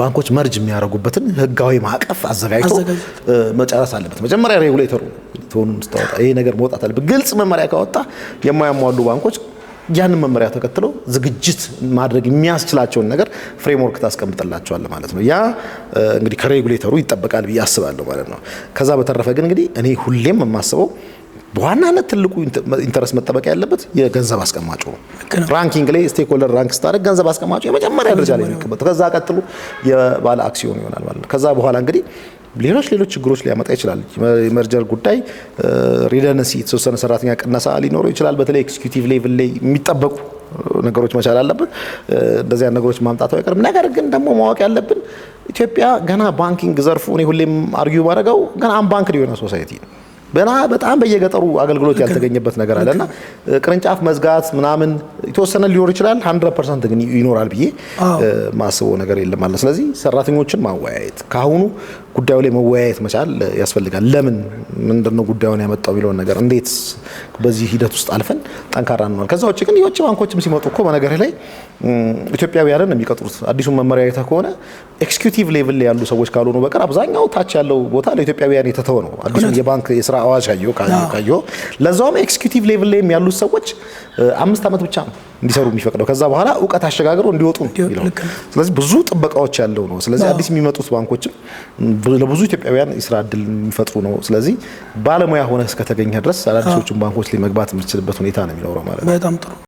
ባንኮች መርጅ የሚያደርጉበትን ህጋዊ ማዕቀፍ አዘጋጅቶ መጨረስ አለበት። መጀመሪያ ሬጉሌተሩ ትሆኑን ስታወጣ ይሄ ነገር መውጣት አለበት። ግልጽ መመሪያ ካወጣ የማያሟሉ ባንኮች ያንን መመሪያ ተከትለው ዝግጅት ማድረግ የሚያስችላቸውን ነገር ፍሬምወርክ ታስቀምጥላቸዋል ማለት ነው። ያ እንግዲህ ከሬጉሌተሩ ይጠበቃል ብዬ አስባለሁ ማለት ነው። ከዛ በተረፈ ግን እንግዲህ እኔ ሁሌም የማስበው በዋናነት ትልቁ ኢንተረስት መጠበቅ ያለበት የገንዘብ አስቀማጩ ነው። ራንኪንግ ላይ ስቴክሆልደር ራንክ ስታደርግ ገንዘብ አስቀማጩ የመጀመሪያ ደረጃ ላይ የሚቀመጥ ከዛ ቀጥሎ የባለ አክሲዮን ይሆናል ማለት ነው። ከዛ በኋላ እንግዲህ ሌሎች ሌሎች ችግሮች ሊያመጣ ይችላል። የመርጀር ጉዳይ ሪደንሲ፣ የተወሰነ ሰራተኛ ቅነሳ ሊኖረው ይችላል። በተለይ ኤክስኪዩቲቭ ሌቭል ላይ የሚጠበቁ ነገሮች መቻል አለብን። እንደዚያ ነገሮች ማምጣት አይቀርም። ነገር ግን ደግሞ ማወቅ ያለብን ኢትዮጵያ ገና ባንኪንግ ዘርፉ እኔ ሁሌም አርጊው ባረገው ገና አንባንክ ሊሆነ ሶሳይቲ ነው በላ በጣም በየገጠሩ አገልግሎት ያልተገኘበት ነገር አለ እና ቅርንጫፍ መዝጋት ምናምን የተወሰነ ሊኖር ይችላል። 100% ግን ይኖራል ብዬ ማስበው ነገር የለም አለ። ስለዚህ ሰራተኞችን ማወያየት ካሁኑ ጉዳዩ ላይ መወያየት መቻል ያስፈልጋል። ለምን ምንድነው ጉዳዩን ያመጣው የሚለውን ነገር እንዴት በዚህ ሂደት ውስጥ አልፈን ጠንካራ እንሆን። ከዛ ውጭ ግን የውጭ ባንኮችም ሲመጡ እኮ በነገር ላይ ኢትዮጵያውያንን የሚቀጥሩት አዲሱን መመሪያ የተ ከሆነ ኤክስኪዩቲቭ ሌቭል ላይ ያሉ ሰዎች ካልሆኑ በቀር አብዛኛው ታች ያለው ቦታ ለኢትዮጵያውያን የተተወ ነው። አዲሱን የባንክ የስራ አዋጅ ካየሁ ካየሁ ለዛውም ኤክስኪዩቲቭ ሌቭል ላይም ያሉት ሰዎች አምስት ዓመት ብቻ ነው እንዲሰሩ የሚፈቅደው ከዛ በኋላ እውቀት አሸጋግሮ እንዲወጡ ስለዚህ ብዙ ጥበቃዎች ያለው ነው። ስለዚህ አዲስ የሚመጡት ባንኮችም ለብዙ ኢትዮጵያውያን የስራ እድል የሚፈጥሩ ነው። ስለዚህ ባለሙያ ሆነ እስከተገኘ ድረስ አዳዲሶቹን ባንኮች ላይ መግባት የምችልበት ሁኔታ ነው የሚኖረው ማለት ነው። በጣም ጥሩ